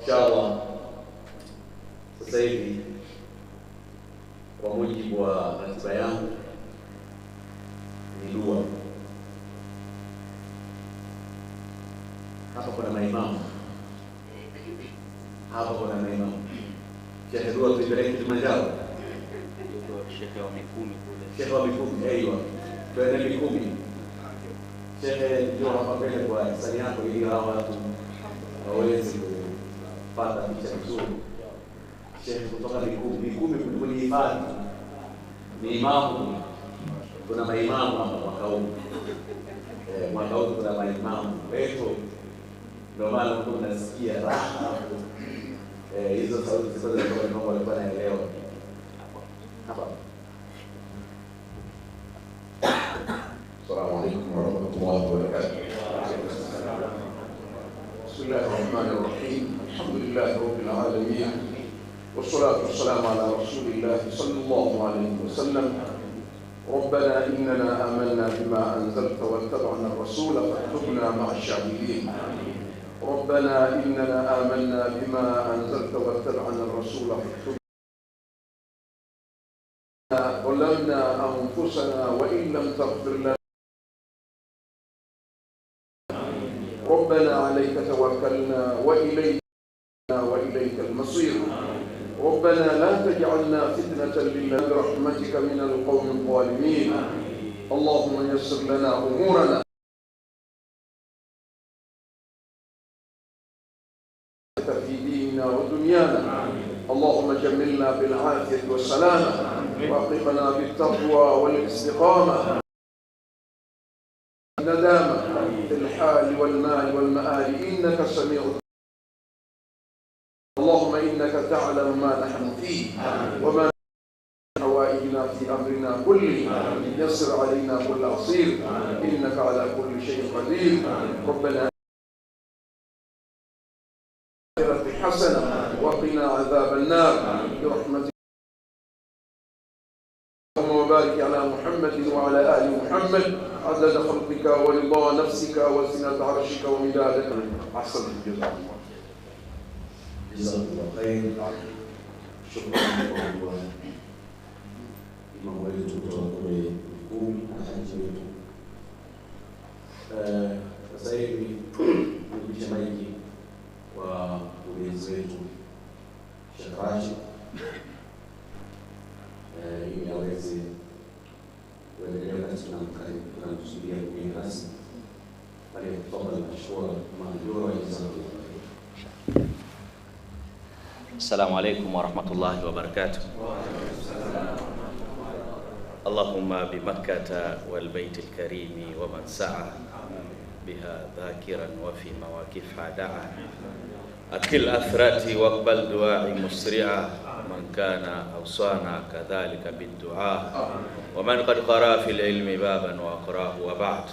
Inshallah sasa hivi kwa mujibu wa ratiba yangu ni dua hapa. Kuna maimamu hapa, kuna maimamu shehe dua tuipeleke Kilimanjaro, shehe wa Mikumi kule, shehe wa Mikumi aiwa, tuende Mikumi shehe, ndio hapa mbele kwa sani yako, ili hawa watu waweze kupata picha nzuri. Sheikh kutoka Mikumi, Mikumi ni hifadhi ni imamu, kuna maimamu hapa mwaka huu eh, mwaka huu kuna maimamu wetu, ndio maana mtu unasikia raha eh, hizo sauti zilikuwa zinatoka, walikuwa naelewa hapa لله رب العالمين والصلاة والسلام على رسول الله صلى الله عليه وسلم ربنا إننا آمنا بما أنزلت واتبعنا الرسول فاكتبنا مع الشاهدين ربنا إننا آمنا بما أنزلت واتبعنا الرسول فاكتبنا ظلمنا أنفسنا وإن لم تغفر لنا ربنا عليك توكلنا وإليك ربنا لا تجعلنا فتنة لله برحمتك من القوم الظالمين اللهم يسر لنا أمورنا في ديننا ودنيانا اللهم جملنا بالعافية والسلامة وأقفنا بالتقوى والاستقامة الندامة في الحال والمال والمآل إنك سميع وما نوائجنا في أمرنا كله يسر علينا كل عصير إنك على كل شيء قدير ربنا حسنة وقنا عذاب النار برحمتك اللهم وبارك على محمد وعلى آل محمد عدد خلقك ورضا نفسك وزنة عرشك ومداد أحسن الجزاء جزاكم الله خير Shukrani kwa kuwa mama wetu kutoka kule Mikumi aaje wetu sasa hivi kurudisha maiki kwa ulezi wetu Shakarashi ili aweze kuendelea katika tunakusudia kuingia rasmi pale Oktoba. Nashukuru majua waizaaa السلام عليكم ورحمة الله وبركاته اللهم بمكة والبيت الكريم ومن سعى بها ذاكرا وفي مواقفها دعا أكل أثراتي واقبل دعاء مسرعا من كان أوصانا كذلك بالدعاء ومن قد قرأ في العلم بابا وأقراه وبعد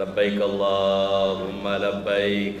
لبيك اللهم لبيك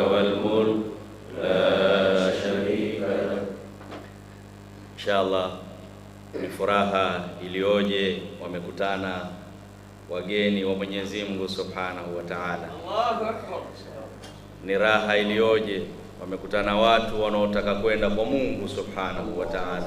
furaha iliyoje wamekutana wageni wa Mwenyezi Mungu Subhanahu wa Ta'ala. Allahu Akbar. Ni raha iliyoje wamekutana watu wanaotaka kwenda kwa Mungu Subhanahu wa Ta'ala.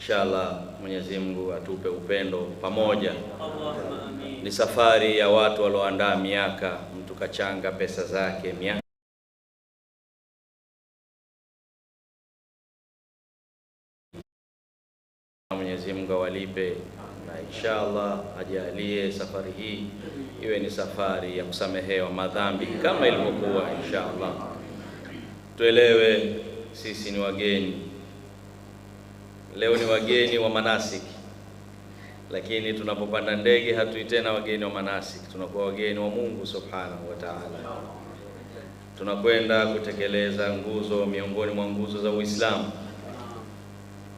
Inshallah Mwenyezi Mungu atupe upendo pamoja. Allahumma amin. Ni safari ya watu walioandaa miaka, mtu kachanga pesa zake miaka Mwenyezi Mungu awalipe na inshallah ajalie safari hii iwe ni safari ya kusamehewa madhambi kama ilivyokuwa. inshallah. tuelewe sisi ni wageni, leo ni wageni wa manasiki, lakini tunapopanda ndege hatui tena wageni wa manasiki, tunakuwa wageni wa Mungu subhanahu wa ta'ala. Tunakwenda kutekeleza nguzo miongoni mwa nguzo za Uislamu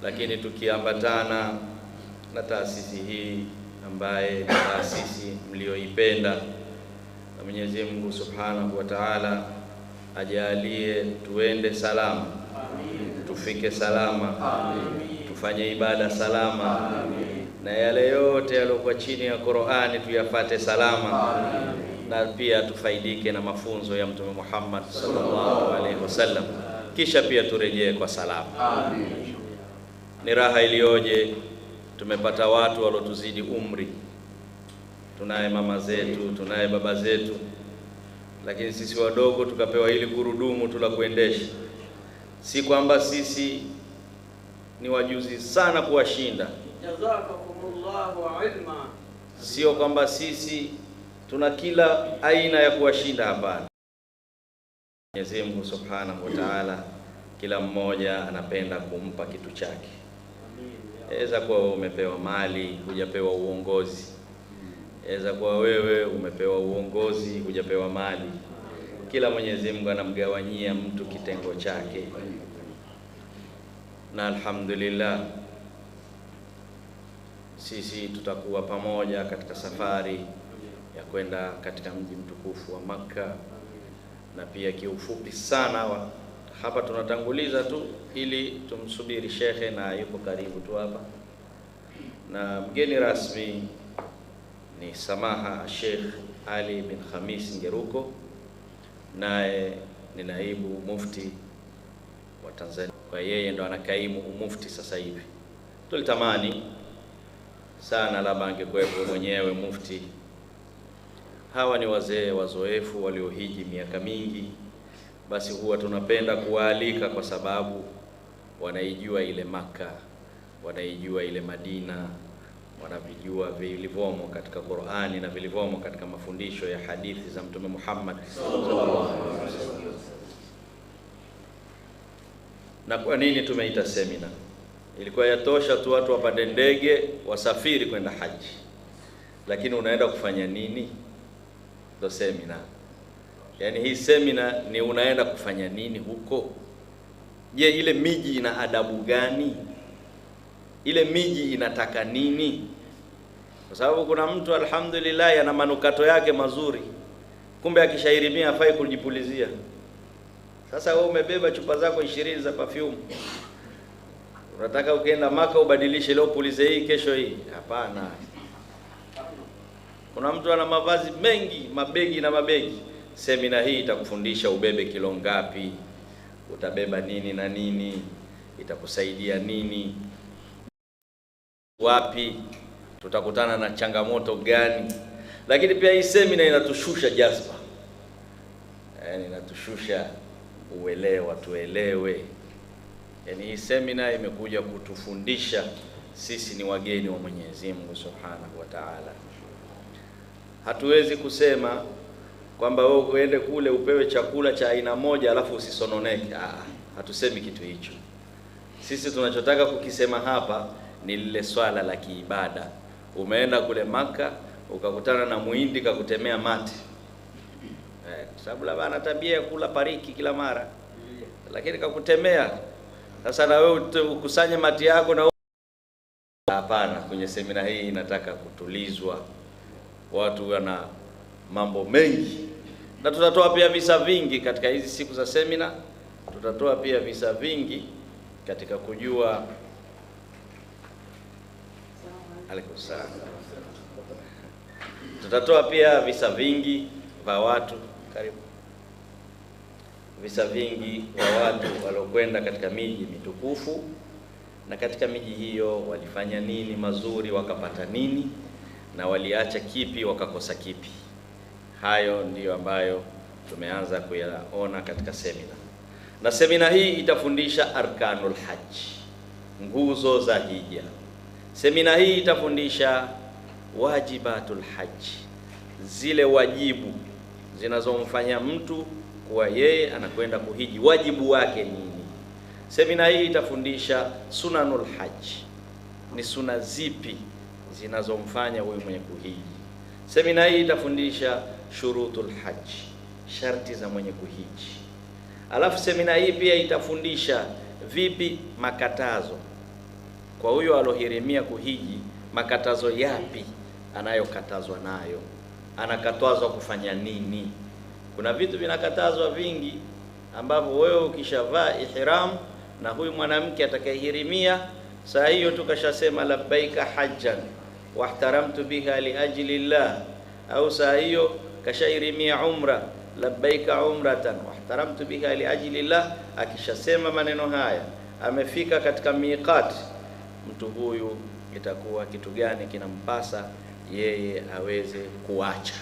lakini tukiambatana na taasisi hii ambaye ni taasisi mliyoipenda, na Mwenyezi Mungu Subhanahu wa Ta'ala ajalie tuende salama, Amin. Tufike salama, Amin. Tufanye ibada salama, Amin. Na yale yote yaliyokuwa chini ya Qur'ani tuyafate salama, Amin. Na pia tufaidike na mafunzo ya Mtume Muhammad sallallahu alaihi wasallam, kisha pia turejee kwa salama, Amin. Ni raha iliyoje, tumepata watu walotuzidi umri. Tunaye mama zetu, tunaye baba zetu, lakini sisi wadogo tukapewa hili gurudumu tu la kuendesha. Si kwamba sisi ni wajuzi sana kuwashinda, jazakumullahu ilma, sio kwamba sisi tuna kila aina ya kuwashinda, hapana. Mwenyezi Mungu Subhanahu wa Ta'ala, kila mmoja anapenda kumpa kitu chake. Weza kuwa umepewa mali hujapewa uongozi, weza kuwa wewe umepewa uongozi hujapewa mali. Kila Mwenyezi Mungu anamgawanyia mtu kitengo chake, na alhamdulillah sisi tutakuwa pamoja katika safari ya kwenda katika mji mtukufu wa Makka na pia kiufupi sana wa hapa tunatanguliza tu ili tumsubiri shekhe, na yuko karibu tu hapa, na mgeni rasmi ni samaha Sheikh Ali bin Khamis Ngeruko, naye ni naibu mufti wa Tanzania, kwa yeye ndo anakaimu mufti sasa hivi. Tulitamani sana labda angekuwepo mwenyewe mufti. Hawa ni wazee wazoefu waliohiji miaka mingi basi huwa tunapenda kuwaalika kwa sababu wanaijua ile Maka, wanaijua ile Madina, wanavijua vilivyomo katika Qur'ani na vilivyomo katika mafundisho ya hadithi za Mtume Muhammad sallallahu alaihi wasallam. Na kwa nini tumeita semina? Ilikuwa yatosha tu watu wapande ndege wasafiri kwenda haji, lakini unaenda kufanya nini? Ndo semina. Yaani hii semina ni unaenda kufanya nini huko? Je, ile miji ina adabu gani? Ile miji inataka nini? Kwa sababu kuna mtu alhamdulillah, ana manukato yake mazuri, kumbe akishairimia hafai kujipulizia. Sasa wewe umebeba chupa zako ishirini za perfume, unataka ukienda Maka ubadilishe, leo pulize hii, kesho hii? Hapana. Kuna mtu ana mavazi mengi, mabegi na mabegi semina hii itakufundisha ubebe kilo ngapi, utabeba nini na nini, itakusaidia nini, wapi, tutakutana na changamoto gani. Lakini pia hii semina inatushusha jazba, yaani eh, inatushusha uelewa, tuelewe. Yaani hii semina imekuja kutufundisha sisi ni wageni wa Mwenyezi Mungu Subhanahu wa Ta'ala, hatuwezi kusema kwamba wewe uende kule upewe chakula cha aina moja alafu usisononeke. Ah, hatusemi kitu hicho. Sisi tunachotaka kukisema hapa ni lile swala la kiibada. Umeenda kule Maka ukakutana na muhindi kakutemea mate eh, sababu labda ana tabia ya kula pariki kila mara, lakini kakutemea. Sasa na wewe ukusanye mate yako na hapana. Kwenye semina hii inataka kutulizwa watu wana mambo mengi, na tutatoa pia visa vingi katika hizi siku za semina. Tutatoa pia visa vingi katika kujua Tutatoa pia visa vingi vya watu karibu, visa vingi vya watu waliokwenda katika miji mitukufu na katika miji hiyo walifanya nini mazuri, wakapata nini, na waliacha kipi, wakakosa kipi. Hayo ndiyo ambayo tumeanza kuyaona katika semina, na semina hii itafundisha arkanul haji, nguzo za hija. Semina hii itafundisha wajibatul haji, zile wajibu zinazomfanya mtu kuwa yeye anakwenda kuhiji, wajibu wake nini. Semina hii itafundisha sunanul haji, ni suna zipi zinazomfanya huyu mwenye kuhiji. Semina hii itafundisha shurutul haji, sharti za mwenye kuhiji. Alafu semina hii pia itafundisha vipi makatazo kwa huyo alohirimia kuhiji, makatazo yapi anayokatazwa nayo, anakatazwa kufanya nini? Kuna vitu vinakatazwa vingi ambavyo wewe ukishavaa ihramu na huyu mwanamke atakayehirimia saa hiyo tukashasema labbaika hajjan wahtaramtu biha liajli llah, au saa hiyo kashairimia umra labbaika umratan wahtaramtu biha liajli llah. Akishasema maneno haya, amefika katika miqati, mtu huyu itakuwa kitu gani kinampasa yeye aweze kuacha?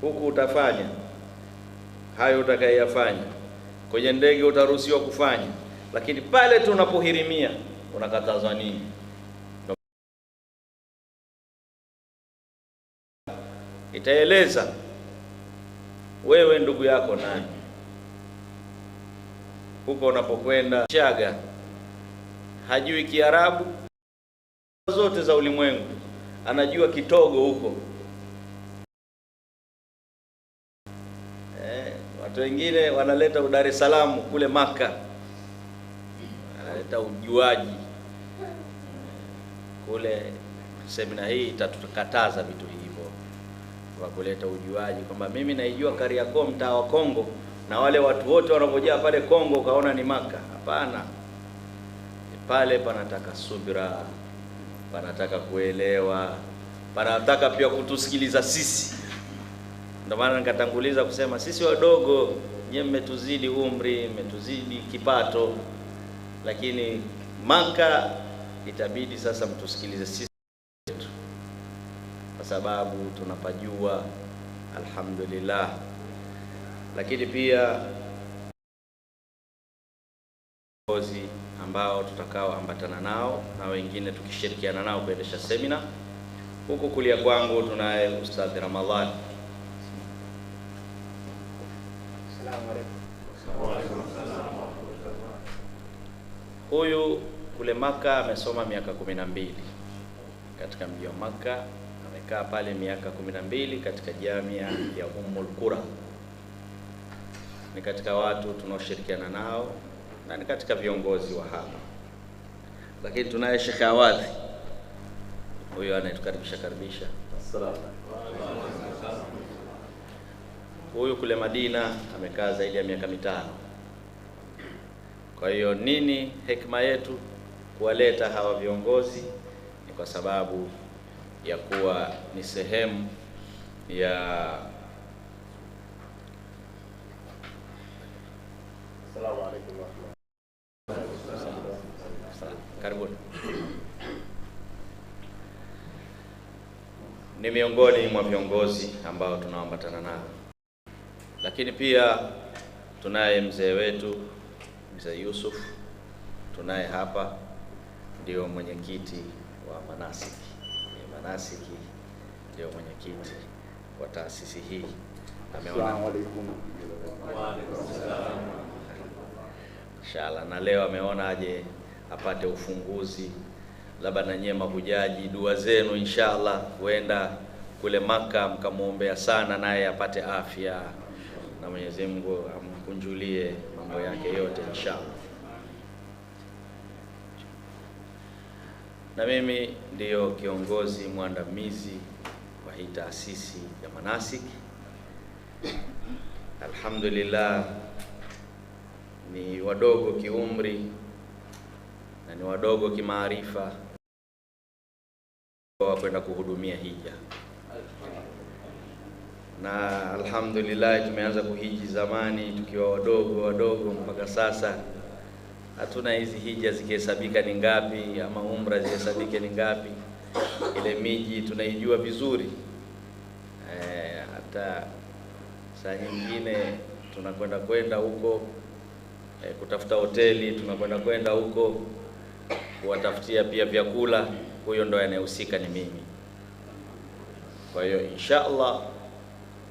Huku utafanya hayo utakayeyafanya kwenye ndege, utaruhusiwa kufanya, lakini pale tunapohirimia unakatazwa nini? itaeleza wewe ndugu yako nani, huko unapokwenda. Chaga hajui Kiarabu zote za ulimwengu, anajua kitogo huko. Eh, watu wengine wanaleta Dar es Salaam kule Maka, wanaleta ujuaji kule. Semina hii itatukataza vitu kwa kuleta ujuaji kwamba mimi naijua Kariakoo mtaa wa Kongo na wale watu wote wanavyojaa pale Kongo ukaona ni Maka. Hapana, pale panataka subira, panataka kuelewa, panataka pia kutusikiliza sisi. Ndio maana nikatanguliza kusema sisi wadogo, nyewe mmetuzidi umri, mmetuzidi kipato, lakini Maka itabidi sasa mtusikilize sisi sababu tunapajua alhamdulillah, lakini pia viongozi ambao tutakaoambatana nao na wengine tukishirikiana nao kuendesha semina. Huku kulia kwangu tunaye Ustadh Ramadhan. Huyu kule Maka amesoma miaka kumi na mbili katika mji wa Maka Nimekaa pale miaka kumi na mbili katika jamia ya Ummul Qura. Ni katika watu tunaoshirikiana nao na ni katika viongozi wa hapa, lakini tunaye Sheikh Awadhi, huyo anayetukaribisha karibisha. Huyu kule Madina amekaa zaidi ya miaka mitano. Kwa hiyo nini hekima yetu kuwaleta hawa viongozi? Ni kwa sababu ya kuwa ni sehemu ya karibuni. Ni miongoni mwa viongozi ambao tunaambatana nao, lakini pia tunaye mzee wetu mzee Yusuf, tunaye hapa, ndio mwenyekiti wa Manasiki ki ndio mwenyekiti wa taasisi hii ameona na leo ameona aje apate ufunguzi, labda na nyie mahujaji, dua zenu inshallah, huenda kule Maka mkamwombea sana, naye apate afya na Mwenyezi Mungu amkunjulie mambo yake yote inshallah. na mimi ndiyo kiongozi mwandamizi wa hii taasisi ya Manasik. Alhamdulillah, ni wadogo kiumri na ni wadogo kimaarifa wa kwenda kuhudumia hija, na alhamdulillah tumeanza kuhiji zamani tukiwa wadogo wadogo mpaka sasa hatuna hizi hija zikihesabika ni ngapi, ama umra zihesabike ni ngapi. Ile miji tunaijua vizuri e, hata saa nyingine tunakwenda kwenda huko e, kutafuta hoteli, tunakwenda kwenda huko kuwatafutia pia vyakula. Huyo ndo anayehusika ni mimi. Kwa hiyo insha Allah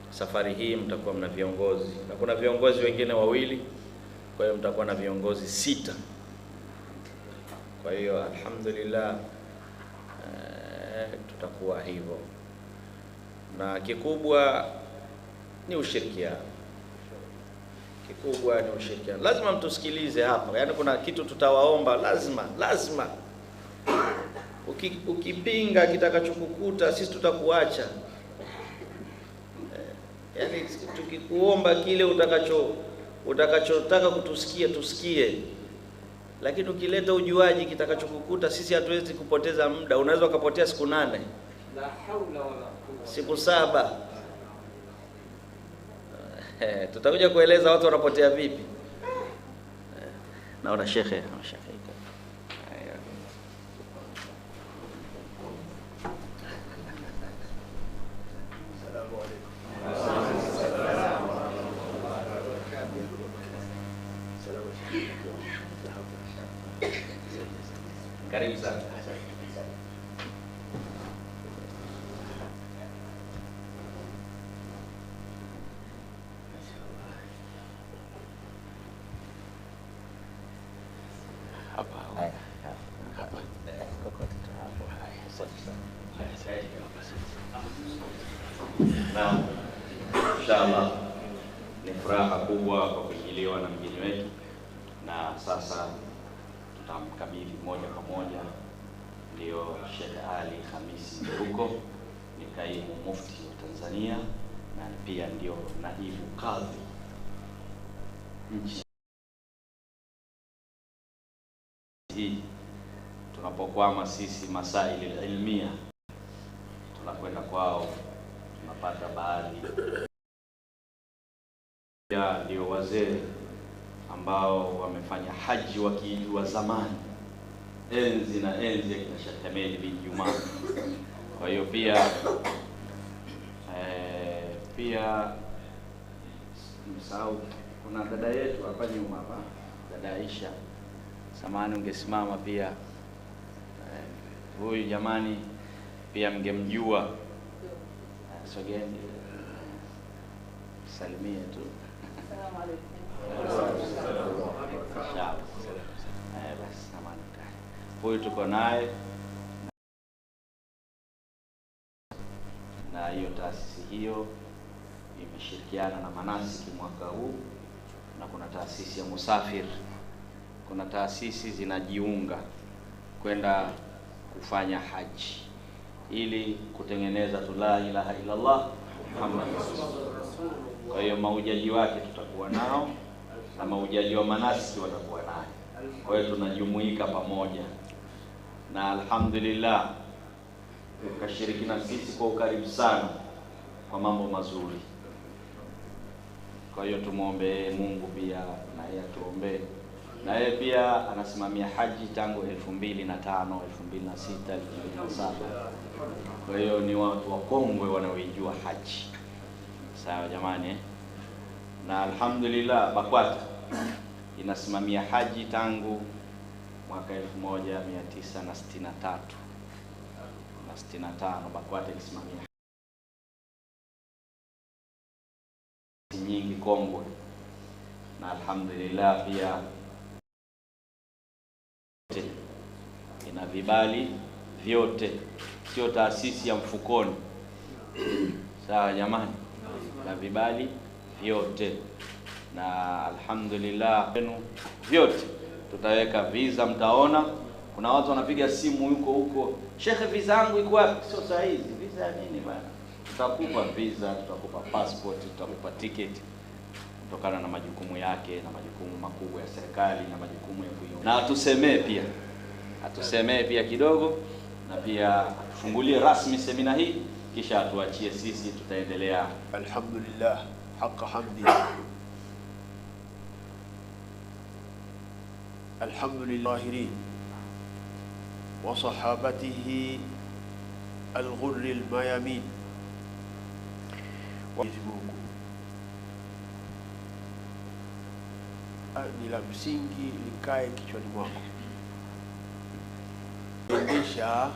safari hii mtakuwa mna viongozi na kuna viongozi wengine wawili kwa hiyo mtakuwa na viongozi sita. Kwa hiyo alhamdulillah, e, tutakuwa hivyo, na kikubwa ni ushirikiano kikubwa ni ushirikiano. Lazima mtusikilize hapa, yaani kuna kitu tutawaomba, lazima lazima. Uki, ukipinga kitakachokukuta sisi tutakuacha, eh, yaani tukikuomba kile utakacho utakachotaka kutusikia tusikie, lakini ukileta ujuaji, kitakachokukuta sisi hatuwezi kupoteza muda. Unaweza ukapotea siku nane, siku saba. Eh, tutakuja kueleza watu wanapotea vipi. Eh, naona shekhe hapa hapa Inshallah ni furaha kubwa kwa kuingiliwa na mgeni wetu, na sasa tutamkabidhi moja kwa moja ndio Sheikh Ali Hamisi Mberuko, ni kaimu mufti wa Tanzania na pia ndio naibu kadhi nchi tunapokwama sisi masaili ilmia, tunakwenda kwao, tunapata baadhi ya ndio wazee ambao wamefanya haji wakiijua zamani, enzi na enzi ya kina Sheikh Hamedi bin Juma. Kwa hiyo pia eh, pia msahau kuna dada yetu hapa nyuma hapa, dada Aisha, samahani, ungesimama pia huyu jamani pia mgemjua sogeni salimie tu huyu tuko naye na hiyo taasisi hiyo imeshirikiana na Manasiki mwaka huu, na kuna taasisi ya Musafir, kuna taasisi zinajiunga kwenda kufanya haji ili kutengeneza tu la ilaha illallah Muhammad. Kwa hiyo maujaji wake tutakuwa nao na maujaji wa manasi watakuwa naye, kwa hiyo tunajumuika pamoja na alhamdulillah, ukashiriki na sisi kwa ukaribu sana kwa mambo mazuri. Kwa hiyo tumwombee Mungu pia na yeye atuombee na yeye pia anasimamia haji tangu elfu mbili na tano elfu mbili na sita elfu mbili na saba Kwa hiyo ni watu wakongwe wanaoijua haji. Sawa jamani, eh? na alhamdulillah BAKWATA inasimamia haji tangu mwaka 1963 na 65 BAKWATA ilisimamia nyingi kongwe, na alhamdulillah pia ina vibali vyote, sio taasisi ya mfukoni. Sawa jamani, na vibali vyote na alhamdulillah enu vyote tutaweka visa, mtaona kuna watu wanapiga simu yuko huko, shekhe, visa yangu iko wapi? Sio saa hizi, visa ya nini bana? Tutakupa visa, tutakupa passport, tutakupa tiketi kutokana na majukumu yake na majukumu makubwa ya serikali na majukumu ya kuyo. Na atusemee pia, atusemee pia kidogo, na pia atufungulie rasmi semina hii, kisha atuachie sisi, tutaendelea. Alhamdulillah haqqa hamdi alhamdulillahirin wa sahabatihi alghurri almayamin. Mwenyezi Mungu Ah, ni la msingi likae kichwani mwako. Endesha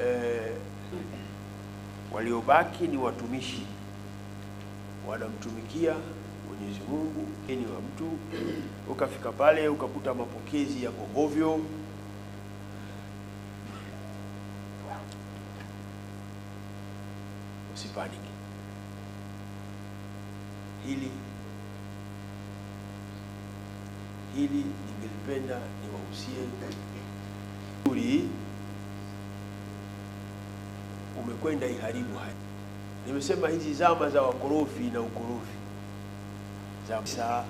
eh, waliobaki ni watumishi wanamtumikia Mwenyezi Mungu. Ni wa mtu ukafika pale ukakuta mapokezi yako hovyo, usipaniki hili hili ningelipenda niwahusie uri umekwenda iharibu hadi. Nimesema hizi zama za wakorofi na ukorofi za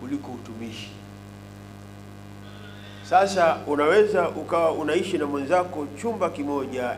kuliko utumishi. Sasa unaweza ukawa unaishi na mwenzako chumba kimoja